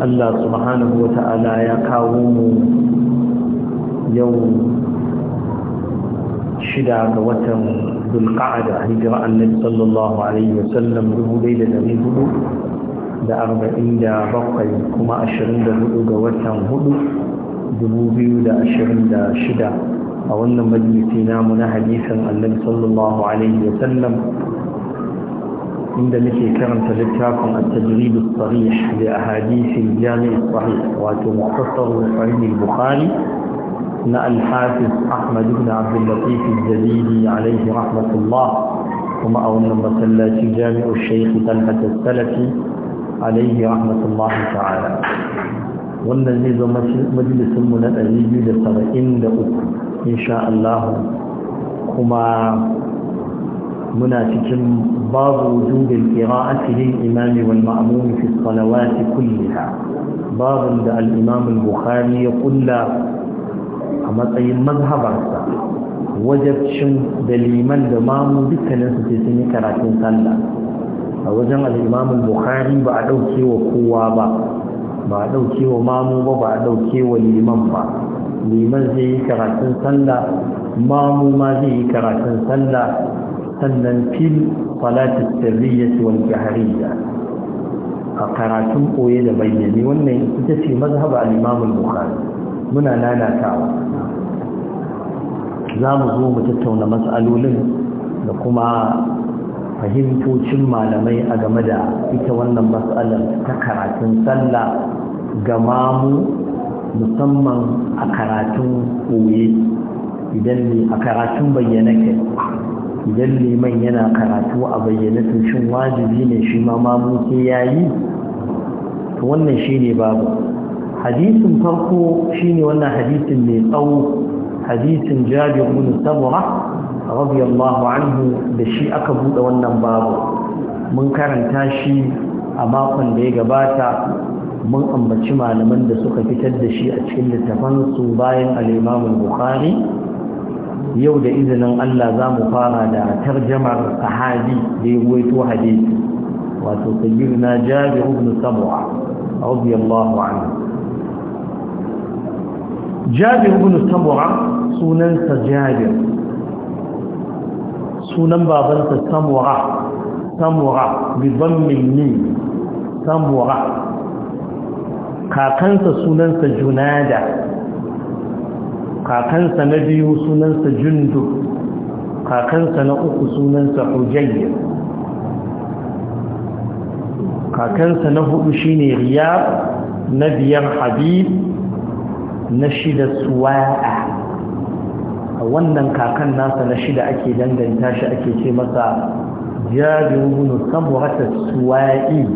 Allah subhanahu wa ta'ala ya kawo mu yau shida ga watan dulqa'ada hijira annabi sallallahu alaihi wa sallam dubu da dari hudu da arba'in da bakwai kuma ashirin da hudu ga watan hudu dubu biyu da ashirin da shida a wannan majalisi namu na hadisin annabi sallallahu alaihi wa sallam inda nake karanta littafin a tajribi sahih da a hadisin jami'i sahih wato mukhtasar sahih bukhari na alhafiz ahmad ibn abd al-latif al kuma a wannan masallaci jami'u shaykh talhat al-salafi alayhi rahmatullah ta'ala wannan zai zo majalisin mu na 273 insha Allah kuma muna cikin babu wujudin qira'ati lil imam wal ma'mum fi salawat kulliha babun da al-imam al-bukhari ya kulla a matsayin mazhabarsa wajabcin da liman da mamu dukkanin su sun yi karatun sallah a wajen al-imam al-bukhari ba a dauke wa kowa ba ba a dauke wa mamu ba ba a dauke wa liman ba liman zai yi karatun sallah mamu ma zai yi karatun sallah sannan fil salatul sirriyyati wal jahriyya a karatun koye da bayyane wannan ita ce mazhab al-imam al-bukhari muna lalatawa za mu zo mu tattauna matsalolin da kuma fahimtocin malamai a game da ita wannan matsalar ta karatun sallah ga mamu musamman a karatun koye idan ne a karatun bayyana ke idan liman yana karatu a bayyana to wajibi ne shi ma mamu sai to wannan ne babu hadisin farko shine wannan hadisin mai tsawo hadisin Jabir ibn Samurah radiyallahu anhu da shi aka bude wannan babu mun karanta shi a makon da ya gabata mun ambaci malaman da suka fitar da shi a cikin littafansu bayan al-Imam al-Bukhari yau da izinin Allah za mu fara da tarjamar sahabi da ya goyito hadisi wato sabir na jabir ibn sabwa radiyallahu anhu jabir ibn sabwa sunansa jabir sunan babansa samura samura bi dhammin ni samura kakansa sunansa junada kakansa na biyu sunansa jundu kakansa na uku sunansa hujayya kakansa na hudu shine riya na biyar habib na shida suwa'a a wannan kakan nasa na shida ake danganta shi ake ce masa jabir ibn samurata suwa'i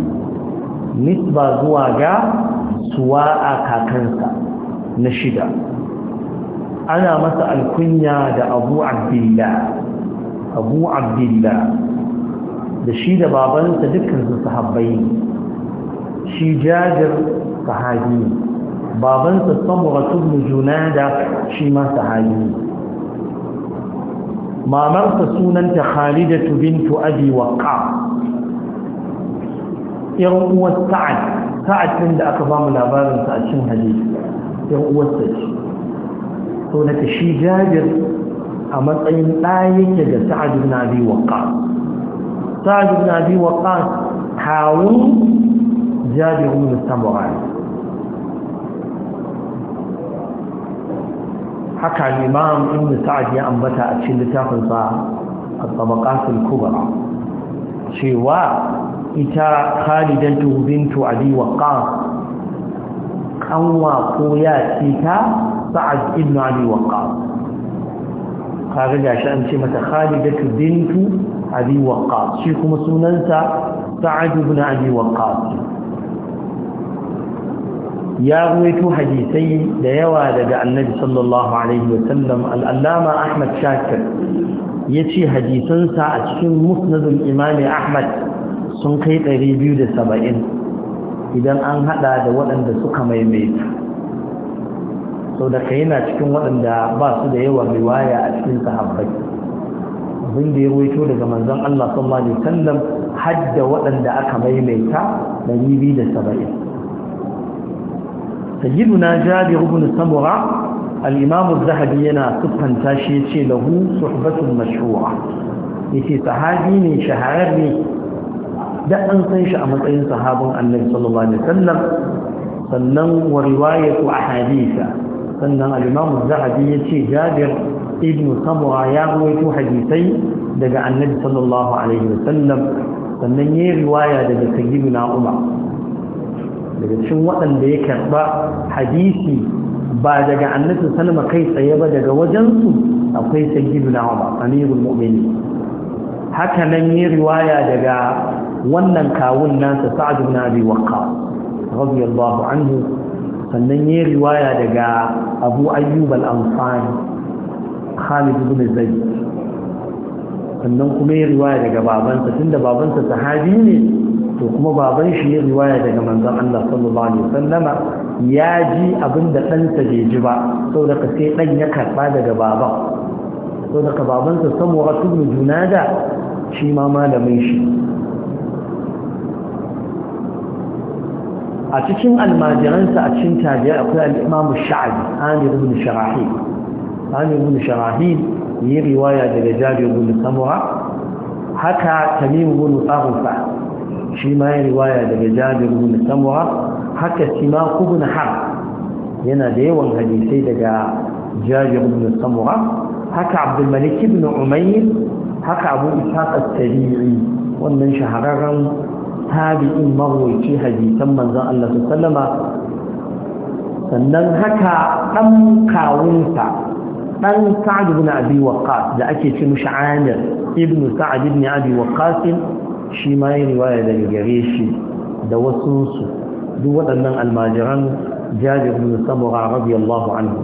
nisba zuwa ga suwa'a kakansa na shida ana masa alkunya da abu abdullah abu da shi da babansa dukkansu sahabbai shi jajir sahabi babansa samuratu ibn junada shi ma sahabi mamarsa sunanta khalidatu bintu abi waqqa yan uwar sa'ad sa'ad din da aka ba mu labarin sa a cikin hadisi yan uwar sa ce so na ta shi jabir a matsayin ɗaya yake da sa'ad ibn abi waqqas sa'ad ibn abi waqqas kawun jabir ibn samurai haka imam sa'ad ya ambata a cikin littafin sa at-tabaqat kubra cewa ita khalidatu bintu abi waqqas kanwa ko ya ce ta sa'ad ibn ali waqqas kaga an ce mata khalidatu bintu abi waqqas shi kuma sunansa sa'ad ibn abi waqqas ya ruwaito hadisai da yawa daga annabi sallallahu alaihi wa sallam al-allama hadisansa a cikin musnadul imam ahmad sun kai ɗari biyu da 270 idan an haɗa da waɗanda suka maimaitu sau da ka yana cikin waɗanda ba su da yawan riwaya a cikin sahabbai abin da ya rawaito daga manzon Allah sallallahu alaihi wasallam hadda waɗanda aka maimaita 270 sayyiduna jabir ibn samura al samura az-zahabi yana sufanta shi yace lahu suhbatul mashhura yace sahabi ne shahararre da an san shi a matsayin sahabban annabi sallallahu alaihi wasallam sannan wa riwayatu ahadith sannan al-imam zahabi ya ce jabir ibn samura ya rawaito hadisai daga annabi sallallahu alaihi wasallam sannan ya riwaya daga sayyidina umar daga cikin waɗanda ya karɓa hadisi ba daga annabi salma kai tsaye ba daga wajensu akwai sayyidina umar amirul mu'minin haka nan ya riwaya daga wannan kawun nasa sa'ad ibn abi waqqas radiyallahu anhu sannan ya riwaya daga abu ayyub al khalid ibn zaid sannan kuma ya riwaya daga babansa tunda babansa sahabi ne to kuma baban shi ya riwaya daga manzon Allah sallallahu alaihi wasallama ya ji abinda ɗansa bai ji ba daga sai ɗan ya karɓa daga baban daga babansa samuwa juna da, shi ma malamin shi a cikin almajiransa a cikin tabiya akwai al'imamu sha'abi amir ibn sharahi amir ibn sharahi yi riwaya daga jabir ibn samura haka tamim ibn tsarufa shi ma yi riwaya daga jabir ibn samura haka sima ibn har yana da yawan hadisai daga jabir ibn samura haka Abdulmalik malik ibn haka abu ishaq tabii wannan shahararren tabi'in mawuci hadisan manzon Allah sallama sannan haka dan kawunsa dan Sa'd ibn Abi Waqqas da ake ce mishi Amir ibn Sa'd ibn Abi Waqqas shi ma ya riwaya daga gare shi da wasu su duk waɗannan almajiran Jabir ibn Samura radiyallahu anhu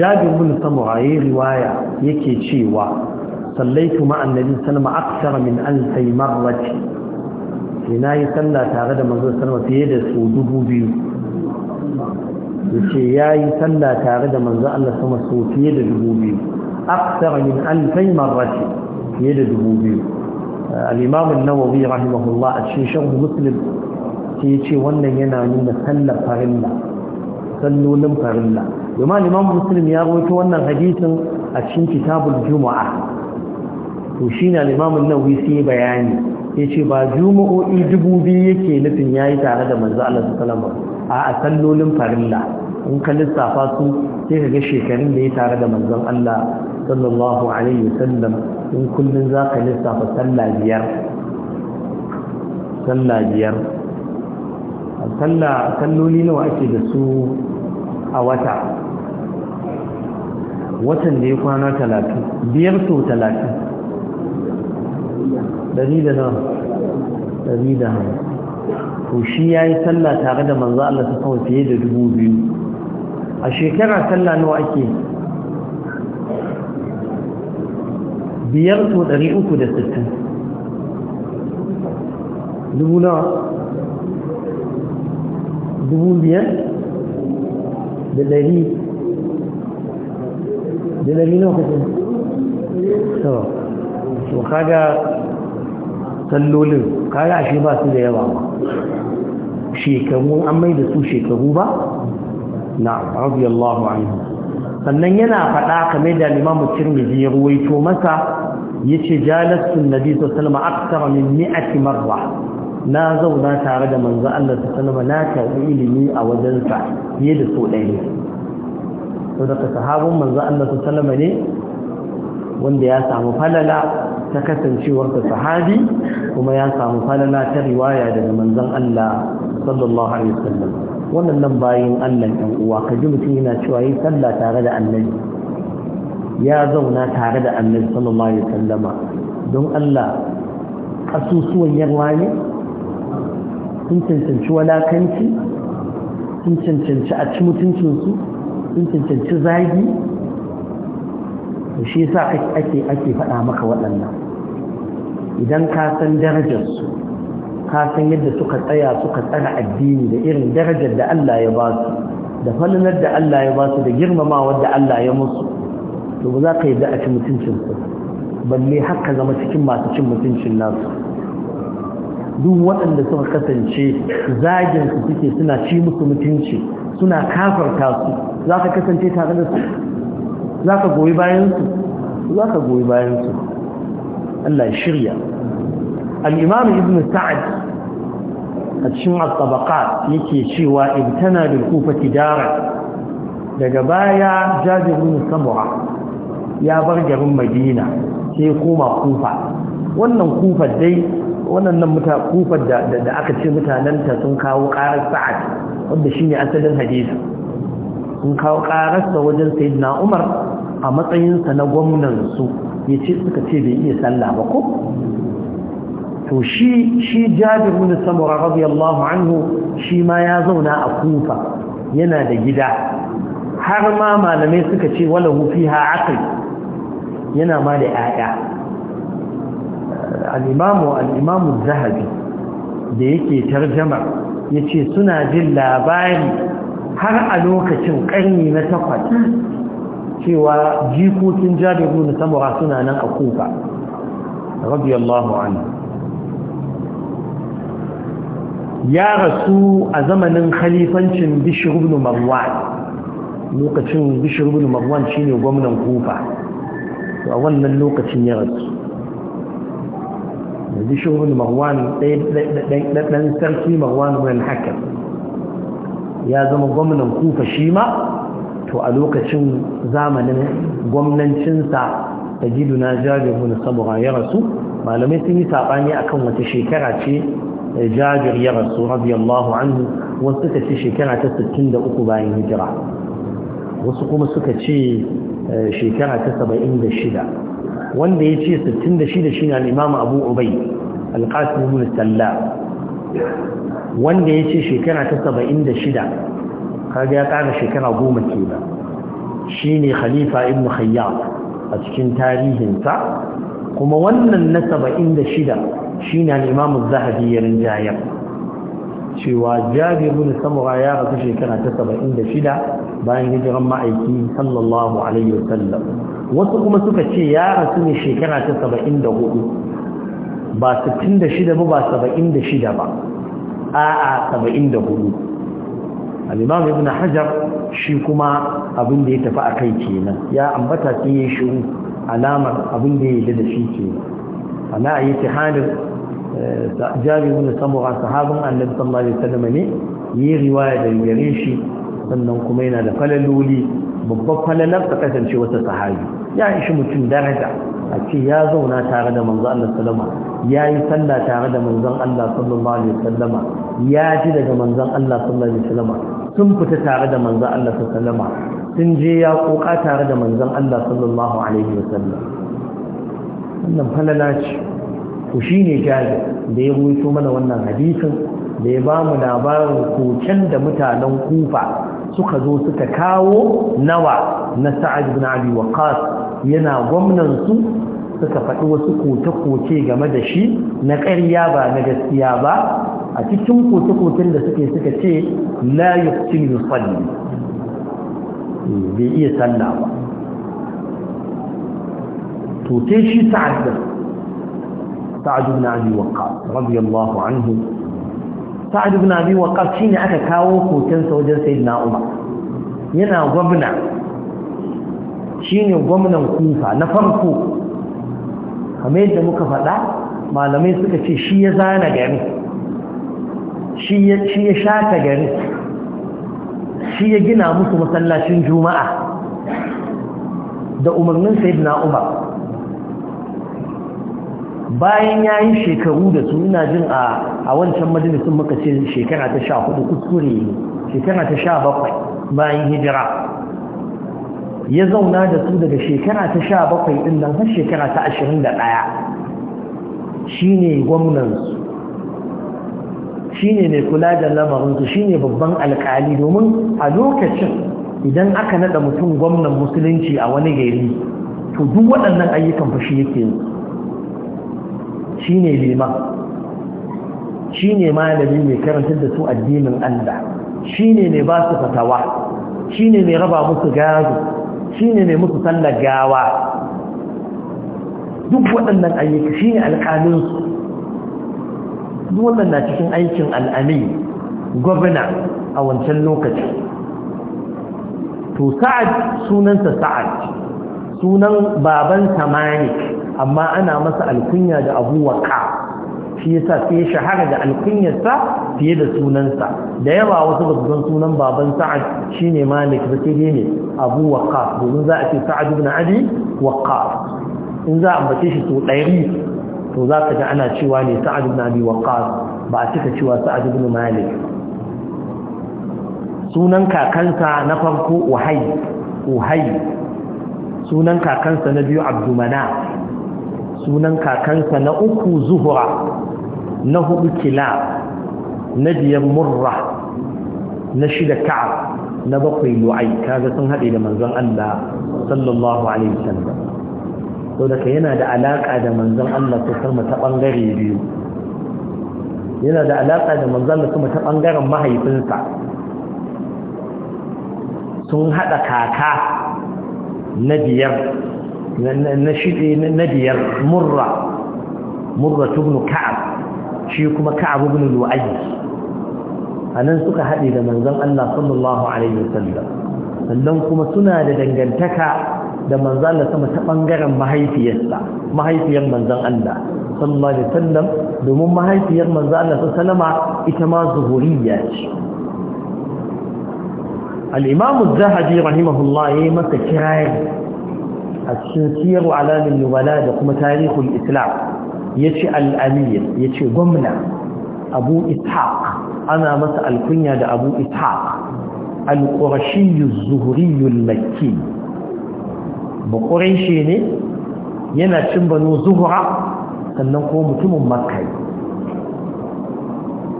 Jabir ibn Samura ya riwaya yake cewa sallaitu ma annabi sallama aksara min an sai marrati sai na yi sallah tare da manzo sallama fiye da su dubu biyu yace ya yi sallah tare da manzo Allah sama so fiye da dubu biyu aksara min an sai marrati fiye da dubu biyu al-imam an-nawawi rahimahullah a cikin sharh muslim sai yace wannan yana nuna sallar farilla sallolin farilla domin ya rawaito wannan haditin a cikin kitabul juma'a to shi na limamin nawawi sai ya bayani ya ce ba juma'o'i dubu biyu yake nufin ya yi tare da manzo Allah su kalama a a sallolin farilla in ka lissafa su sai ka ga shekarun da ya tare da manzo Allah sallallahu alaihi wasallam in kullum za ka lissafa sallah biyar sallah biyar sallah salloli nawa ake da su a wata watan da ya kwana talatin biyar sau talatin dari da nawa dari da hamsin to shi ya yi sallah tare da manzo Allah ta kawo fiye da dubu biyu a shekara sallah nawa ake biyar to ɗari uku da sittin dubu nawa dubu biyar da dari? da dari nawa kacin to kaga sallolin kaga ashe ba su da yawa ba shekaru an mai da su shekaru ba na radiyallahu anhu sannan yana faɗa kamar da limamu tirmidhi ya ruwaito masa Ya ce jalastu nabi sallallahu alaihi wasallam akthara min mi'ati marra na zauna tare da manzo Allah sallama na karbi ilimi a wajensa fiye da so ɗaya to daga sahabin manzo Allah sallama ne wanda ya samu falala ta kasancewarsa sahabi kuma ya samu falala ta riwaya daga manzon Allah sallallahu alaihi wasallam wannan nan bayin Allah ɗan uwa kaji mutum yana cewa yi sallah tare da annabi ya zauna tare da annabi sallallahu alaihi wasallama don Allah kasusuwan yarwa ne sun cancanci walakanci sun cancanci a ci mutuncinsu sun cancanci zagi to shi yasa ake ake faɗa maka waɗannan idan ka san darajarsu ka san yadda suka tsaya suka tsara addini da irin darajar da Allah ya ba su da falilar da Allah ya ba su da girmamawar da Allah ya musu to ba za ka yi da ci mutuncinsu balle haka zama cikin masu cin mutuncin nasu duk waɗanda suka kasance zagin su suke suna ci musu mutunci suna kafarta su za ka kasance tare da su za ka goyi bayansu za ka goyi bayansu Allah ya shirya al'imam ibn sa'ad a cikin al-tabaqat yake cewa ibtana da kufa tijara daga baya jajirin ibn samura ya bar garin madina sai koma kufa wannan kufa dai wannan kufar da aka ce mutanen ta sun kawo ƙarar sa'ad wanda shine asalin hadisi sun kawo ƙararsa wajen sayyidina umar a matsayinsa na gwamnan su ya ce suka ce bai iya sallah ba ko to shi shi jabir bin samura radiyallahu anhu shi ma ya zauna a kufa yana da gida har ma malamai suka ce wala ha aqil yana ma da ƴaƴa Al'imamu zahabi da yake tarjama yace suna jin labari har a lokacin ƙarni na takwas cewa jikokin jabiru na samura suna nan a kufa rabbi allahu ana ya rasu a zamanin khalifancin bishir ibn marwan lokacin bishir ibn marwan shine gwamnan kufa a wannan lokacin ya rasu bishir ibn marwan ɗan sarki marwan ibn hakan ya zama gwamnan kufa shi ma to a lokacin zamanin gwamnancinsa da na jajir wani samura ya rasu malamai sun yi saɓani akan wata shekara ce jajir ya rasu radiyallahu anhu wasu suka ce shekara ta 63 bayan hijira wasu kuma suka ce eh, shekara ta 76 wanda ya ce 66 shi na imam abu ubai al-qasim sallah wanda ya ce shekara ta saba'in da shida kaga ya kara shekara goma ke ba shi ne khalifa ibn khayyar a cikin tarihinsa kuma wannan na saba'in da shida shi ne al'imamu zahabi ya rinjayar cewa jabi bin samura ya rasu shekara ta saba'in da shida bayan hijiran ma'aiki sallallahu alaihi wasallam wasu kuma suka ce ya rasu ne shekara ta saba'in da hudu ba 66 ba ba 76 ba a'a 74 al-imam ibn hajar shi kuma abin da ya tafi a kai kenan ya ambata sai ya shiru alamar abin da ya da shi kenan ana a yi tihadin eh, jari wani samuwa sahabin annabi sallallahu alaihi wasallam ne yi riwaya da gare shi sannan kuma yana da falaloli babban falalar ta kasance wata sahabi ya ishi mutum daraja a ce ya zauna tare da manzo Allah sallama ya yi sallah tare da manzon Allah sallallahu alaihi wasallama ya ji daga manzon Allah sallallahu alaihi wasallama sun fita tare da manzon Allah Sallama, sun je ya koka tare da manzon Allah sallallahu alaihi wasallam wannan falala ce to shine jaji da ya ruwaito mana wannan hadisin da ya ba mu labarin kocen da mutanen kufa suka zo suka kawo nawa na sa'ad bin abi waqas yana gwamnan su suka faɗi wasu koke-koke game da shi na ƙarya ba na gaskiya ba a cikin koke-koken da suke suka ce la yuqtil yusalli bai iya sallah ba to sai shi sa'ad da sa'ad ibn abi waqqas radiyallahu anhu sa'ad ibn abi waqas shine aka kawo hoton sa wajen sayyidina umar yana gwamna shine gwamnan kufa na farko kamar yadda muka faɗa malamai suka ce shi ya zana gari shi ya shata gari shi ya gina musu masallacin juma'a da umarnin sayyidina umar bayan ya shekaru da su ina jin a a wancan majalisun muka ce shekara ta sha hudu kuskure ne shekara ta sha bakwai bayan hijira ya zauna da su daga shekara ta sha bakwai ɗin nan har shekara ta ashirin da ɗaya shi ne gwamnansu shi ne mai kula da lamarinsu shi ne babban alkali domin a lokacin idan aka naɗa mutum gwamnan musulunci a wani gari to duk waɗannan ayyukan fashi yake shi ne liman Shi ne malami mai karantar da su addinin Allah ne mai ba su fatawa ne mai raba musu Shi ne mai musu sallar gawa duk waɗannan ayyuka shi ne su duk wannan na cikin aikin al'ami gwamna a wancan lokaci to sa'ad sunansa sa'ad sunan baban samani amma ana masa alkunya da abu waka shi yasa sai ya shahara da alkunyarsa fiye da sunansa da yawa wasu ba su san sunan baban sa'ad shine malik ba sai dai ne abu waqas domin za a ce sa'ad ibn abi waqas in za a ambace shi to ɗari to za ka ga ana cewa ne sa'ad ibn abi waqas ba a cika cewa sa'ad ibn malik sunan kakansa na farko uhayy uhayy sunan kakansa na biyu abdumana sunan kakansa na uku zuhura na hudu kila na biyar murra na shida ka'ab na bakwai lu'ai kaga sun haɗe da manzon Allah sallallahu alaihi wasallam to da yana da alaka da manzon Allah ta sama ta bangare biyu yana da alaka da manzon Allah kuma ta bangaren mahaifinsa sun haɗa kaka na biyar na shide na biyar murra murra ibn ka'ab shi kuma ka'ab ibn lu'ay anan suka haɗe da manzon Allah sallallahu alaihi wasallam sannan kuma suna da dangantaka da manzon Allah sama ta bangaren mahaifiyarsa mahaifiyar manzon Allah sallallahu alaihi wasallam domin mahaifiyar manzon Allah sallama ita ma zuhuriyya ce al-imam az-zahabi rahimahullah yayi masa kirayar a cikin siyar alamin nubala da kuma tarihul islam ya ce al'amir ya ce gwamna abu ishaq ana masa alkunya da abu ishaq al-ƙurashiyar makki bakurin shi ne yana cin banu zuhura sannan ko mutumin makai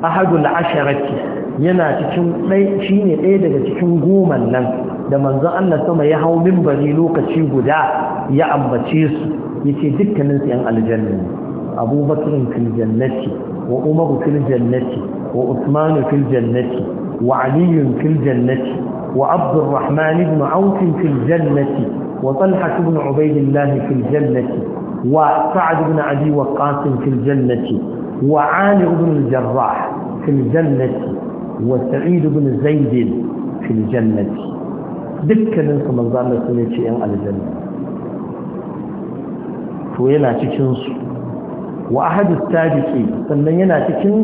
ahadul asharati yana cikin shi ne ɗaya daga cikin goman nan da manzon Allah sama ya hau mimbari lokaci guda ya ambace su yace dukkaninsu 'yan aljanna أبو بكر في الجنة وأمر في الجنة وأثمان في الجنة وعلي في الجنة وعبد الرحمن بن عوف في الجنة وطلحة بن عبيد الله في الجنة وسعد بن عدي وقاسم في الجنة وعامر بن الجراح في الجنة وسعيد بن زيد في الجنة دكا من ظل سنة على الجنة ويلا تشنصر wa ahadu sabiqi sannan yana cikin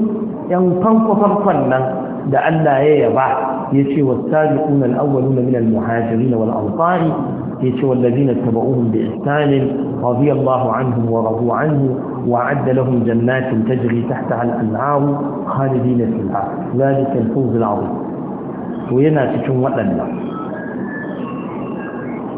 yan fanko nan da Allah ya yaba yace was-sabiqun awwaluna min al-muhajirin wal-ansar yace wallazina tabauhum bi ihsan radiyallahu anhum wa radu anhu wa adda lahum jannatin tajri tahtaha al-anhar khalidina fiha zalika al-fawz al-azim to yana cikin waɗannan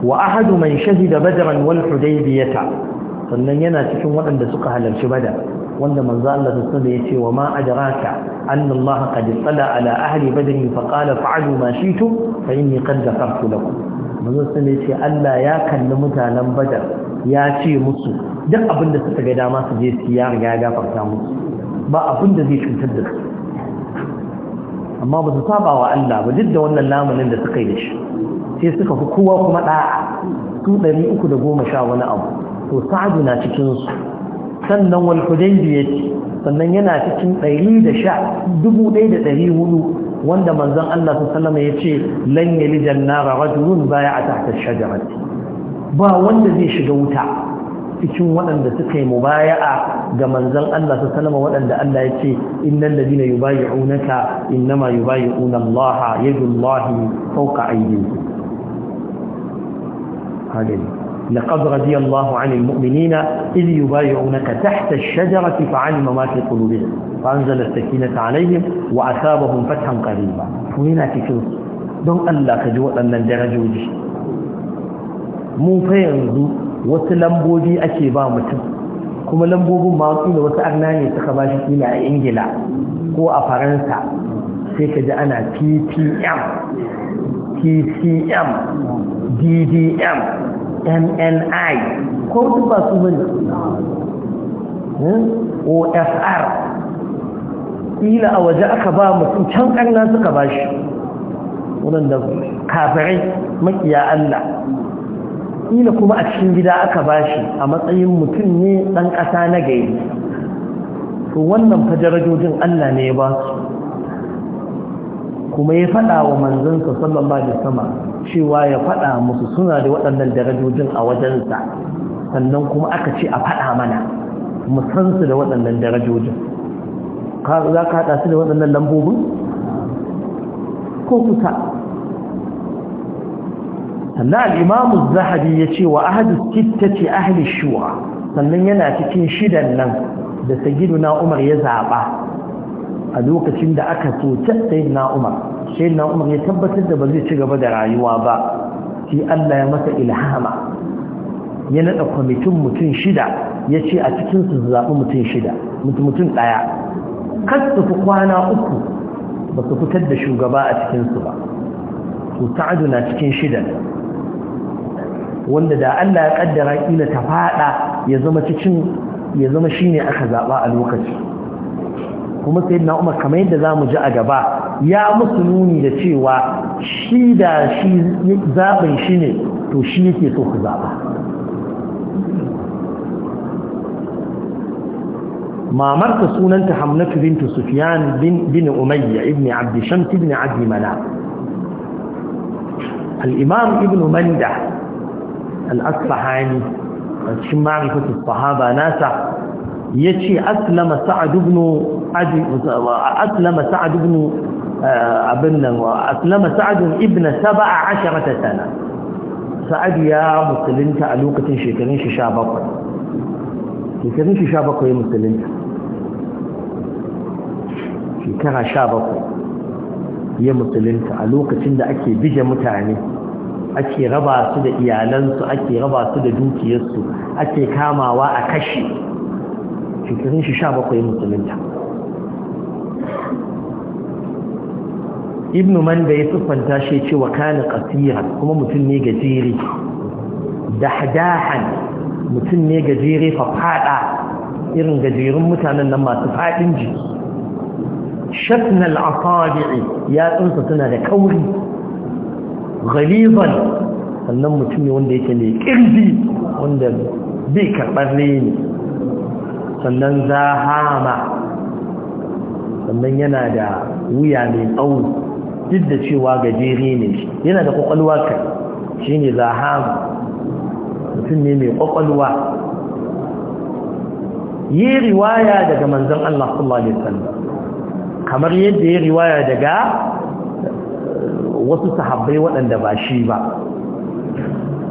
wa ahadu man shahida badran wal hudaybiyah sannan yana cikin waɗanda suka halarci bada wanda manzo Allah ta sanar yace wa ma ajraka anna Allah qad sala ala ahli badr fa qala fa'alu ma shi'tum fa inni qad ghafartu lakum manzo sanar yace Allah ya kalli mutanen badar ya ce musu duk abin da suka ga dama su je su ya riga gafarta musu ba abin da zai cutar da su amma ba su saba wa Allah ba duk da wannan lamunin da suka yi da shi sai suka fi kowa kuma da'a su sha wani abu to sa'adu na cikin su sannan wal hudaybiyya sannan yana cikin 110 1400 wanda manzan Allah salama ya ce lan yali jannara rajulun baya a tahta shajarati ba wanda zai shiga wuta cikin waɗanda suka yi mubaya'a ga manzon Allah salama waɗanda Allah ya ce innal ladina yubayi'unaka innama laha Allah lahi fawqa aydihim hadin لقد رضي الله عن المؤمنين إذ يبايعونك تحت الشجرة فعلم ما في قلوبهم فأنزل السكينة عليهم وأثابهم فتحا قريبا ومن أتكلم دون الله كجوء أن الدرجوج mu fa yanzu wasu lambobi ake ba mutum kuma lambobin ba su da wasu arna ne suka ba shi kila a ingila ko a faransa sai ka ji ana ppm tcm ddm mni ko duk ba su bane hmm? ofr ila a waje aka ba mutum can kanna suka ba shi wurin da kafirai makiya Allah ila kuma a cikin gida aka ba shi a matsayin mutum ne dan ƙasa na gai. to wannan fajarajojin Allah ne ya ba su kuma ya faɗa wa manzansa sallallahu alaihi wasallam cewa ya faɗa musu suna da waɗannan darajojin a wajensa sannan kuma aka ce a faɗa mana mu san su da waɗannan darajojin za ka haɗa su da waɗannan lambobin ko kusa sannan al'imamu zahabi ya ce wa ahadu kittace ahli shuwa sannan yana cikin shidan nan da sagiduna umar ya zaɓa a lokacin da aka cutar sai na umar sai na'umar ya tabbatar da ba zai ci gaba da rayuwa ba sai Allah ya masa ilhama ya naɗa kwamitin mutum shida ya ce a cikin su zaɓi mutum shida mutum ɗaya kar su fi kwana uku ba su fitar da shugaba a cikin su ba cuta sa'adu na cikin shidan wanda da Allah ya ƙaddara ƙila ta faɗa, ya zama cikin ya zama shine aka zaɓa a lokaci. kuma sai na umar kamar yadda zamu ji a gaba ya musu nuni da cewa shi da shi zaɓin shi ne to shi yake so ku zaɓa mamarta sunanta hamnatu bintu sufyan bin umayya ibn abdi shams ibn abdi mana al-imam ibn manda al-asfahani cikin ma'rifatu sahaba nasa yace aslama sa'ad ibn aslama sa'ad ibn eh, abin nan aslama sa'ad ibn 17 sana sa'ad ya musulunta a lokacin shekarun shi 17 shekarun shi 17 musulunta shekara 17 ya musulunta a lokacin da ake bige mutane ake raba su da iyalansu ake raba su da dukiyarsu ake kamawa a kashi shekarun shi sha bakwai musulunta ibn manda ya siffanta shi ce wa kana qasira kuma mutum ne gajere hadahan mutum ne gajere fa fada irin gajerun mutanen nan masu fadin ji shatna al-asabi'i ya tsunsa suna da kauri ghalizan sannan mutum ne wanda yake ne kirji wanda bai karɓar ne sannan zahama sannan yana da wuya mai tsawo duk da cewa gajere ne yana da kwakwalwa kai shi ne zahama mutum ne mai kwakwalwa yi riwaya daga manzan Allah sallallahu Alaihi wasallam kamar yadda ya riwaya daga eh, wasu sahabbai waɗanda ba shi ba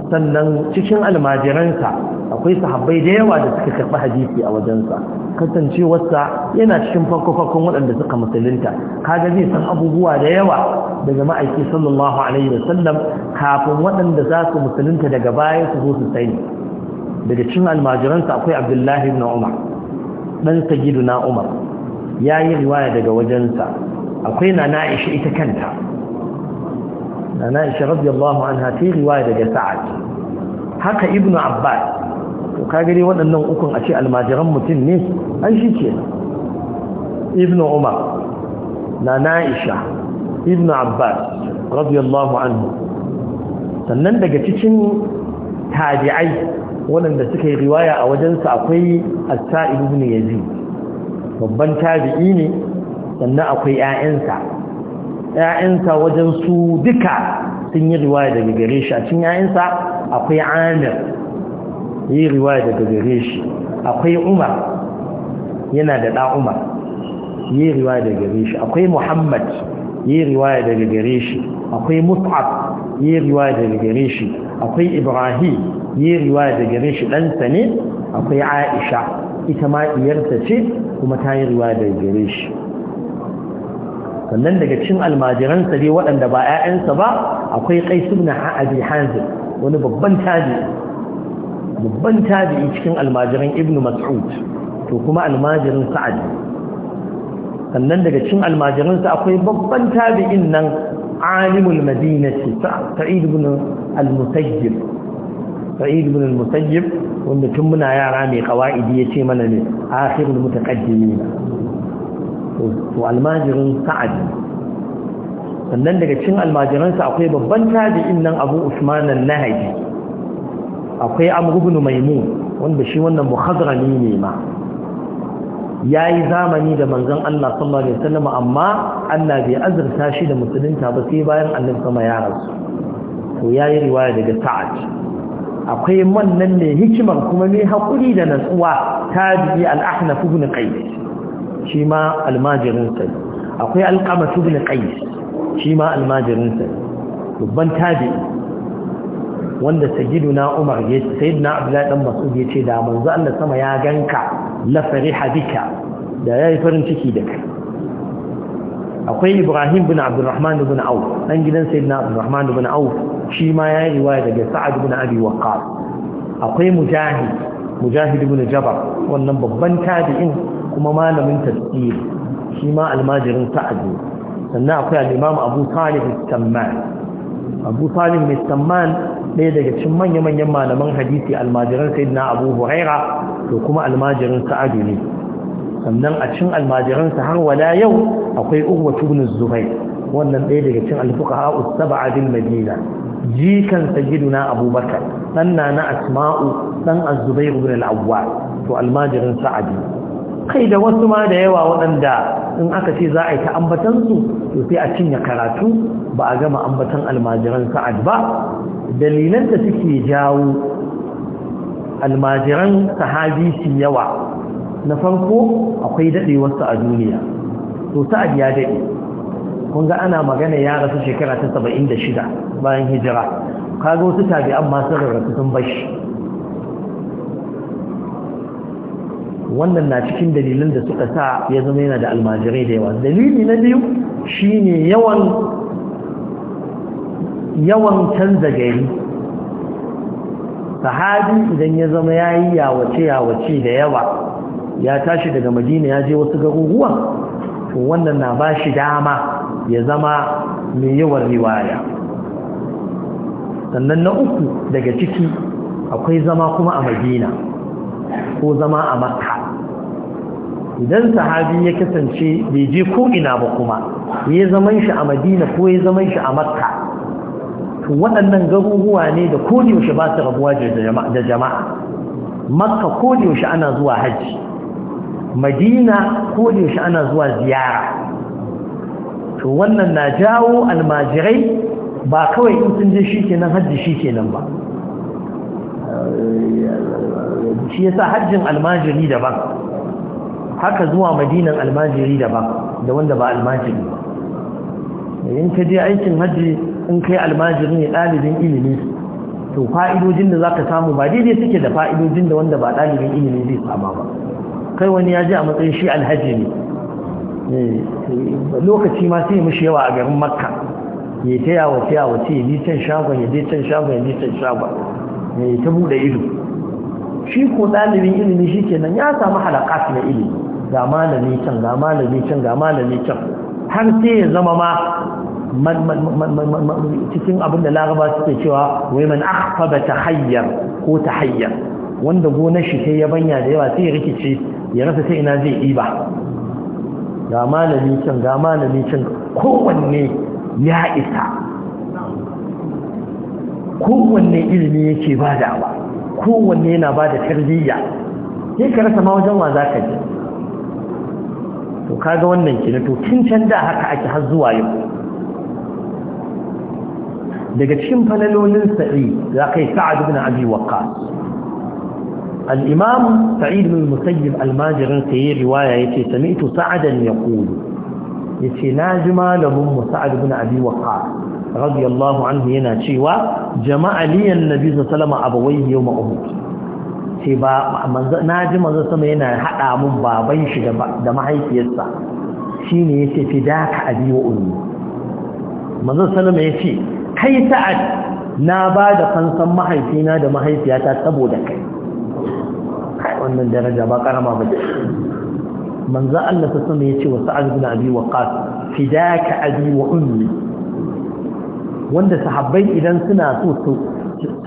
sannan cikin almajiransa akwai sahabbai da yawa da suka karɓi hadisi a wajensa kasancewarsa yana cikin farko-farkon waɗanda suka musulunta kaga zai san abubuwa da yawa daga ma'aiki sallallahu alaihi wa sallam kafin waɗanda za su musulunta daga baya su zo su sani daga cikin almajiransa akwai abdullahi ibn umar ɗan na umar ya yi riwaya daga wajensa akwai na na'isha ita kanta na na'isha radiyallahu anha ta yi riwaya daga sa'ad haka ibn abbas to ka gani waɗannan ukun a ce almajiran mutum ne an shi ke ibn umar na na'isha ibn abbas radiyallahu anhu sannan daga cikin tabi'ai waɗanda suka yi riwaya a wajensa akwai as ibn yazid babban tabi'i ne sannan akwai 'ya'yansa. 'ya'yansa wajen su duka sun yi riwaya daga gare shi a cikin ƴaƴansa akwai Amir yi riwaya daga gare shi akwai umar yana da ɗan umar yi riwaya daga gare shi akwai muhammad yi riwaya daga gare shi akwai mus'ab yi riwaya daga gare shi akwai ibrahim yi riwaya daga gare shi ɗansa ne akwai aisha ita ma ce kuma ta yi riwaya daga gare shi sannan daga cin almajiransa dai waɗanda ba 'ya'yansa ba akwai qais ibn abi hanzir wani babban tabi'i babban tabi'i cikin almajiran ibnu mas'ud to kuma almajirin sa'ad sannan daga cikin almajirin sa akwai babban tabi'in nan alimul madinati sa'id ibn al-musayyib sa'id ibn al-musayyib wanda tun muna yara mai qawaidi yace mana ne akhirul mutaqaddimin to almajirin sa'ad sannan daga cikin almajiransa akwai babban tabi'in nan abu usman al nahdi akwai amrubnu maimun wanda shi wannan muhadrani ne ma ya yi zamani da manzon Allah sallallahu alaihi wasallam amma Allah bai azurta shi da musulunta ba sai bayan annabi sama ya rasu to ya yi riwaya daga sa'ad akwai mannan ne hikimar kuma mai haƙuri da natsuwa tabi'i al al'ahna ibn qais shi ma almajirin sai akwai alqamah ibn qais shi ma almajirin sai babban tabi'i wanda sayyiduna Umar ya ce sayyiduna Abdullahi dan masu ya ce da manzo Allah sama ya ganka lafari fariha Da ya yi farin ciki da kai akwai Ibrahim bin Abdurrahman bin Auf Ɗan gidan sayyiduna Abdurrahman bin Auf shi ma ya yi riwaya daga Sa'ad bin Abi Waqqas akwai Mujahid Mujahid bin Jabal wannan babban tabi'in kuma malamin tafsiri shi ma almajirin Sa'ad sannan akwai al-Imam Abu Talib al-Tamman abu salih mai samman ɗaya daga cikin manya-manyan malaman hadisi almajiran sai na abu huraira to kuma almajirin sa'adu ne sannan a cikin almajiransa har wala yau akwai uwa tubin zubai wannan ɗaya daga cikin alfuka ha'u saba adil madina jikan na abubakar ɗan na na asma'u ɗan azubai ibn al'awwa to almajirin sa'adu kai da wasu ma da yawa waɗanda in aka ce za a yi ta ambatansu to sai a cinye karatu ba a gama ambatan almajiran sa'ad ba dalilan da suke jawo almajiran sahabi su yawa na farko akwai daɗewarsu a duniya to sa'ad ya daɗe kun ga ana magana ya rasu shekara ta saba'in da shida bayan hijira Ka kaga wasu tabi'an masu rarrasu sun bashi wannan na cikin dalilan da suka sa ya zama yana da almajirai da yawa dalili na biyu shine yawan yawan canza gari sahabi idan ya zama ya yi yawace yawace da yawa ya tashi daga madina ya je wasu garuruwan to wannan na ba shi dama ya zama mai yawan riwaya sannan na uku daga ciki akwai zama kuma a madina ko zama a makka idan sahabi ya kasance bai je ko ina ba kuma ya zaman shi a madina ko ya zaman shi a makka to waɗannan garuruwa ne da yaushe ba su rabuwa da jama'a makka yaushe ana zuwa hajji madina yaushe ana zuwa ziyara to wannan na jawo almajirai ba kawai in sun je shi kenan hajji shi kenan ba shi yasa hajjin almajiri daban haka zuwa madinan almajiri daban da wanda ba almajiri ba yin ka je aikin hajji in kai almajiri ne ɗalibin ilimi to fa'idojin da za ka samu ba daidai suke da fa'idojin da wanda ba ɗalibin ilimi zai sama ba kai wani ya je a matsayin shi alhaji ne eh, lokaci ma sai mushi yawa a garin makka ya ta yawa ta yawa ya yi can shagon ya je can shagon ya je can shagon mai ta buɗe ido shi ko ɗalibin ilimi shi kenan ya samu halakas na ilimi ga malami can ga malami can ga malami can har sai ya zama ma cikin abin da laraba suke cewa wai man akhfaba tahayyar ko tahayyar wanda gonar shi sai ya banya da yawa sai ya rikice ya rasa sai ina zai ɗiba ga malami can ga malami can kowanne ya isa kowanne ilimi yake badawa kowanne yana bada tarbiyya sai ka rasa ma wajen wa za ka je to kaga wannan kina to tun can da haka ake har zuwa yau daga cikin falalolin sa'i za kai sa'ad ibn abi waqqas al-imam sa'id ibn musayyib al-majirin sai riwaya yace sami'tu sa'adan yaqulu yace naji malamin mu sa'ad ibn abi waqqas radiyallahu anhu yana cewa jama'a liyan nabi sallama abawai yau ma'uhu sai ba na ji manzo sama yana haɗa mun baban shi da mahaifiyarsa shi ne ya ce fi daka a wa ummi manzo sallama ya ce kai sa'ad na ba da fansan mahaifina da mahaifiyata saboda kai kai wannan daraja ba karama ba manzo Allah sallama ya ce wa sa'ad bin abi waqas fidaka abi wa ummi wanda sahabbai idan suna so su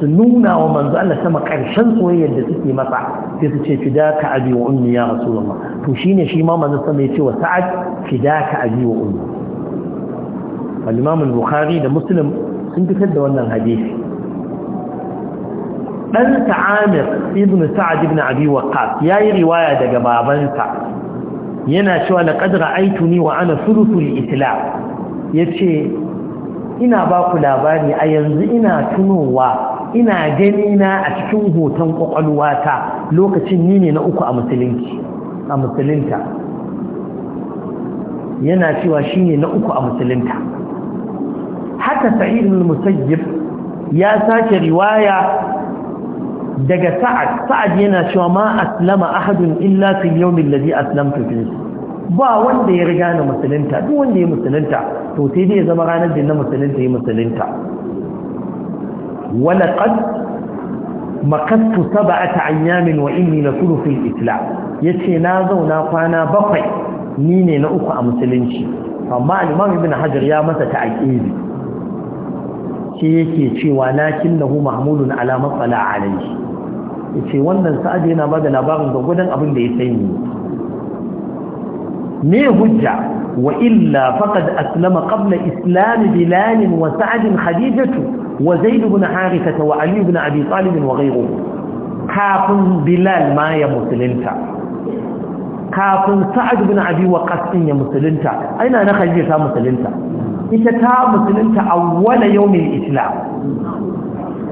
su nuna wa manzo Allah sama karshen soyayyar da suke masa sai su ce fida ka abi wa ummi ya rasulullah to shine shi ma manzo sama yace wa sa'ad ka abi wa ummi al-imam al-bukhari da muslim sun fitar da wannan hadisi dan ta'amir ibn sa'ad ibn abi waqas yayi riwaya daga babansa yana cewa laqad ra'aytuni wa ana thuluthul islam yace ina ba ku labari a yanzu ina tunowa ina gani na a cikin hoton kwakwalwata lokacin ni ne na uku a musulunci a musulunta yana cewa shi ne na uku a musulunta haka sa'idun musayyib ya sake riwaya daga sa'ad sa'ad yana cewa ma aslama ahadun illa fil yawmin ladhi aslamtu fihi ba wanda ya riga na musulunta duk wanda ya musulunta to sai dai ya zama ranar da na musulunta ya musulunta wala qad makastu sab'ata ayyamin wa inni la kullu fil yace na zauna kwana bakwai ni ne na uku a musulunci amma al-imam hajar ya masa ta ta'kidi Ke yake cewa lakin lahu mahmulun ala masala alayhi yace wannan sa'ad yana bada labarin da abin da ya sani me hujja wa illa faqad aslama qabla islam bilal wa sa'd khadijatu wa zaid ibn harithah wa ali ibn abi talib wa ghayruhu kafin bilal ma ya musulunta kafin sa'ad ibn abi waqas ya musulunta aina na khadija ta musulunta ita ta musulunta awwala yawmin islam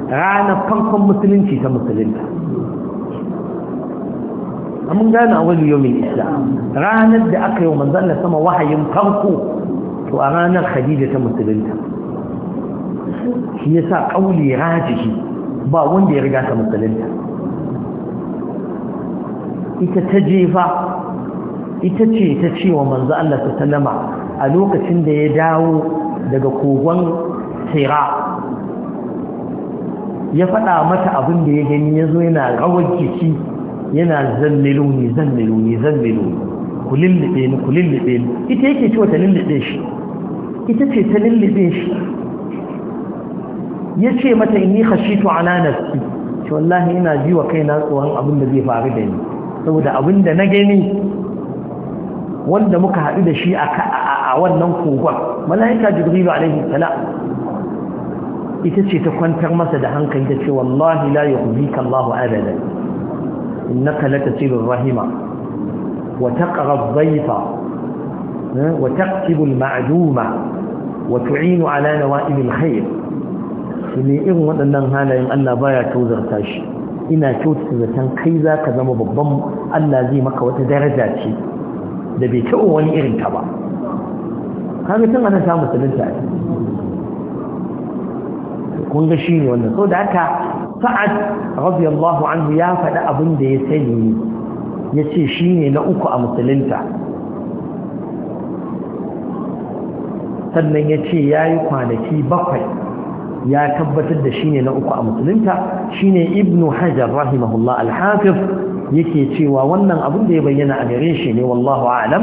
Rana farkon musulunci ta musulunta mun gane a wani yau mai ranar da aka yi manzan da sama wahayin farko to a ranar khadija ta musulunta shi ya sa ƙauli rajihi ba wanda ya riga ta musulunta ita ta jefa ita ce ta ce wa manzo Allah ta sallama a lokacin da ya dawo daga kogon tsira ya faɗa mata abin da ya gani ya zo yana rawar jiki yana zalliluni zalliluni zalliluni ku lullube ni ku lullube ni ita yake cewa ta lullube shi ita ce ta lullube shi ya ce mata inni khashitu ala nafsi ce wallahi ina ji wa kaina tsoron abin da zai faru da ni saboda abin da na gani wanda muka haɗu da shi a wannan kogon mala'ika jibrilu alaihi salam ita ce ta kwantar masa da hankali ta ce wallahi la yuhzika Allahu abadan innaka latasilur rahima wa taqra dhayfa wa taktibu al-ma'duma wa tu'inu ala nawa'ib al-khair ne irin waɗannan halayen Allah baya tozarta shi ina kyautata zaton kai za ka zama babban Allah zai maka wata daraja ce da bai taɓa wani irin ta ba kaga tun ana samu musulunta kun ga shi ne wannan so da haka sa'ad radiyallahu anhu ya faɗi abin da ya sani ya ce shi ne na uku a musulunta sannan ya ce ya yi kwanaki bakwai ya tabbatar da shi ne na uku a musulunta shi ne ibnu hajar rahimahullah alhafif yake cewa wannan abin da ya bayyana a gare shi ne wallahu alam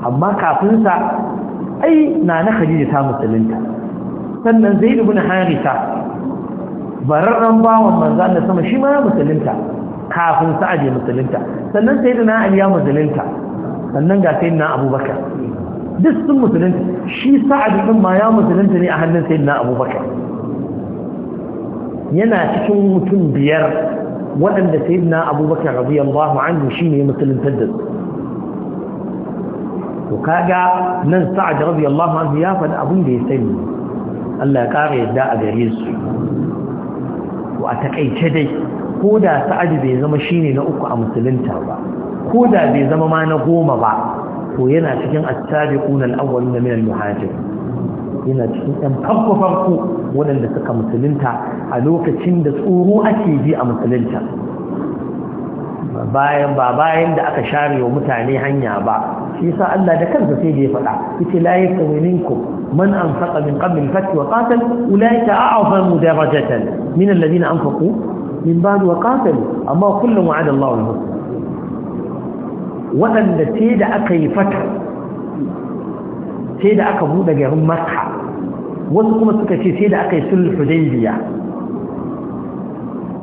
amma kafinsa ai na na khadija ta musulunta sannan zaid ibn harisa bararren bawan manzo da sama shi ma ya musulunta kafin sa'ad ya musulunta sannan sayyidina Ali ya musulunta sannan ga sayyidina Abubakar duk sun musulunta shi sa'ad din ma ya musulunta ne a hannun sayyidina Abubakar yana cikin mutum biyar waɗanda sayyidina Abubakar radiyallahu anhu shine ya musuluntar da su to kaga nan sa'ad radiyallahu anhu ya faɗi abin da ya sani Allah ya ƙara yadda a gare su to a takaice dai ko da sa'adu bai zama shine na uku a musulunta ba ko da bai zama ma na goma ba to yana cikin attabiquna al-awwaluna min al-muhajir yana cikin ɗan farko farko waɗanda suka musulunta a lokacin da tsoro ake ji a musulunta bayan ba bayan da aka share wa mutane hanya ba shi yasa Allah da kansa sai da ya faɗa yace la yasawi minkum man anfaqa min qabl al-fath wa qatal ulaika a'zamu darajatan min alladhina anfaqu min ba'd wa qatalu amma kullum wa'ada Allahu al-husna waɗanda sai da aka yi fata sai da aka buɗe garin makka wasu kuma suka ce sai da aka yi sulhu hudaybiya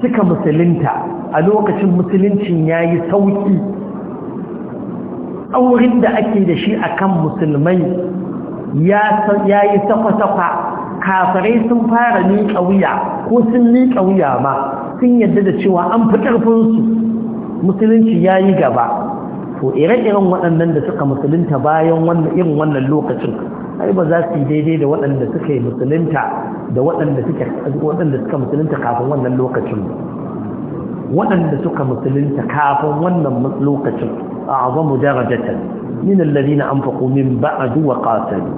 suka musulunta a lokacin musuluncin ya yi sauƙi aurin da ake da shi akan musulmai ya yi safa-safa kafirai sun fara miƙa wuya ko sun miƙa wuya ma sun yadda da cewa an fi ƙarfinsu musulunci ya yi gaba to ire-iren waɗannan da suka musulunta bayan wannan irin wannan lokacin ai ba za su yi daidai da waɗanda suka yi musulunta da waɗanda suka musulunta kafin wannan lokacin ba waɗanda suka musulunta kafin wannan lokacin a azamu darajatan min alladhina anfaqu min ba'd wa qatalu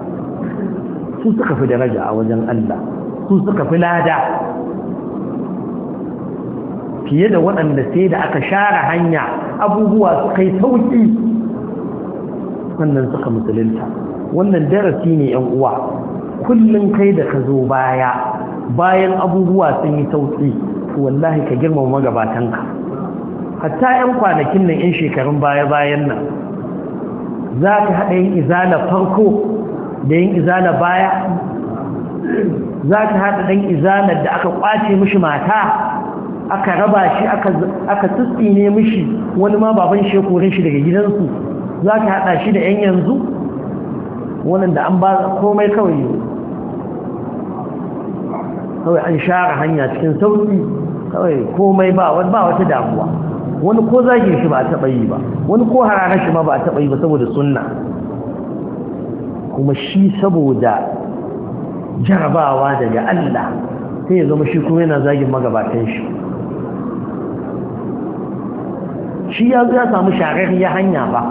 su suka fi daraja a wajen Allah su suka fi lada fiye da waɗanda sai da aka share hanya abubuwa su kai sauƙi. wannan suka musulunta wannan darasi ne yan uwa kullum kai da ka zo baya bayan abubuwa sun yi sauƙi. wallahi ka girmama magabatanka hatta 'yan kwanakin nan 'yan shekarun baya-bayan nan za ka haɗa yin izala farko da yin izala baya za ka haɗa ɗan izalar da aka ƙwace mishi mata aka raba shi aka tsitsine mishi wani ma baban shekurin shi daga gidansu za ka haɗa shi da 'yan yanzu wannan da an ba komai kawai kawai an share hanya cikin sauki kawai komai ba wata damuwa wani ko zagin shi ba a taɓa yi ba wani ko harana shi ma ba a taɓa yi ba saboda sunna kuma shi saboda jarabawa daga Allah sai ya zama shi kuma yana zagin magabatan shi shi ya samu sharar ya hanya ba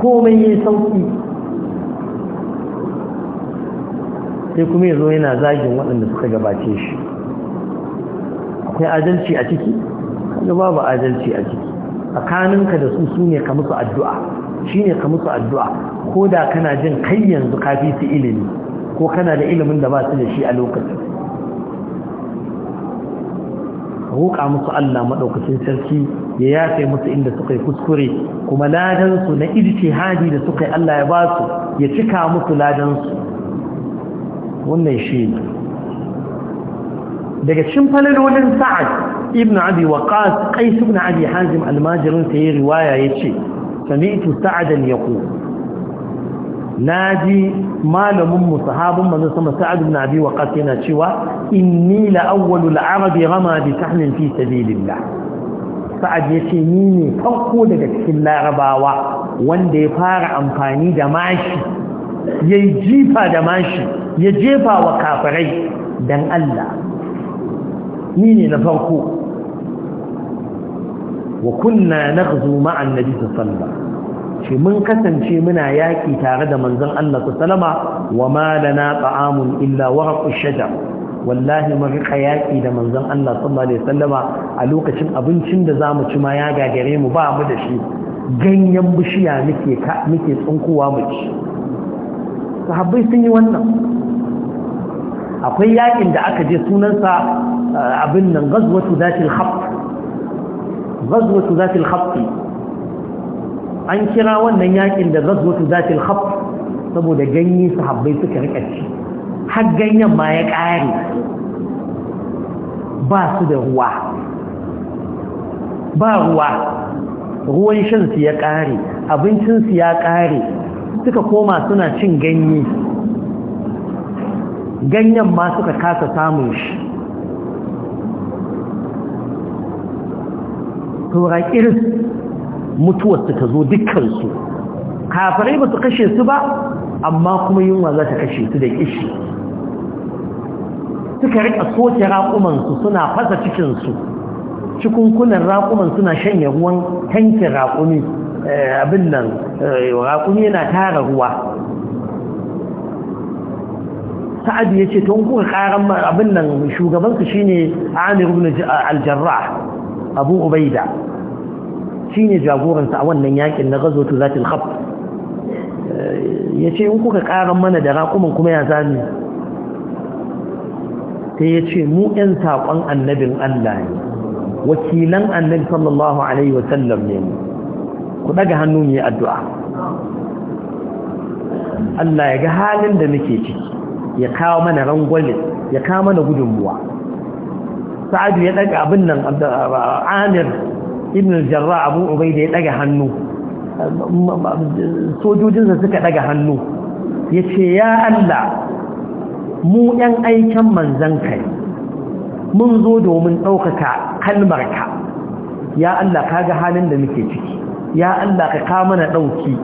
komai ya sauki sai kuma ya zo yana zagin waɗanda suka gabace shi akwai adalci a ciki kaga babu adalci a ciki tsakaninka da su su ne ka musu addu'a shi ne ka musu addu'a ko da kana jin kai yanzu ka fi su ilimi ko kana da ilimin da ba su da shi a lokacin roƙa musu Allah maɗaukacin sarki ya yafe musu inda suka yi kuskure kuma ladansu na ijtihadi da suka yi Allah ya ba su ya cika musu ladansu wannan shi ne daga cikin falalolin sa'ad ibn abi waqas qais ibn abi hazim almajirin sai riwaya yace sami'tu sa'adan yaqul naji malamin mu sahabin manzo sama sa'ad ibn abi waqas yana cewa inni la awwalul arabi rama bi sahmin fi sabilillah sa'ad yace ni ne farko daga cikin larabawa wanda ya fara amfani da mashi yayi jifa da mashi ya jefa wa kafirai dan Allah ni ne na farko wa kunna naghzu ma'an nabi sallallahu mun kasance muna yaƙi tare da manzon Allah su salama wa ma lana ta'amun illa waraqu shajar wallahi mun rika yaƙi da manzon Allah sallallahu alaihi a lokacin abincin da zamu ci ma ya gagare mu ba mu da shi ganyen bishiya muke muke tsunkuwa mu ci sahabbai sun yi wannan akwai yakin da aka je sunansa eh, abin nan gazwatu zatil hafs gazwatu zatil hafs an kira wannan yakin da gazwatu zatil hafs saboda ganye sahabbai suka rika ci har ganyen ma ya kare ba su da ruwa ba ruwa ruwan shansu ya kare abincinsu ya kare suka koma suna cin ganye ganyen ma suka kasa samun shi turakiris mutuwar ta zo dukkansu kafirai ba su kashe su ba amma kuma yunwa za ta kashe su da kishi suka rika soke rakumansu suna fasa cikinsu cikunkunan raƙuman suna shanye ruwan tankin raƙumi Eh, abin nan eh, raƙumi yana tara ruwa sa'ad ya ce tun kuka ƙaran abin nan shugabansu shi ne amir ibn aljarra abu ubaida shi ne jagoransa a wannan yakin na gazo to zatil khab eh, ya ce in kuka ƙaran mana da raƙumin kuma ya zami sai ya ce mu 'yan saƙon annabin allah ne wakilan annabi sallallahu alaihi wasallam ne mu ku daga hannu mu yi addu'a Allah ya ga halin da muke ciki ya kawo mana rangwale ya kawo mana gudunmuwa sa'adu ya daga abin nan amir ibn jarra abu ubai ya daga hannu sojojinsa suka ɗaga hannu ya ce ya Allah mu ‘yan aikin manzan kai mun zo domin ɗaukaka kalmarka ya Allah ka ga halin da muke ciki ya Allah ka ka mana ɗauki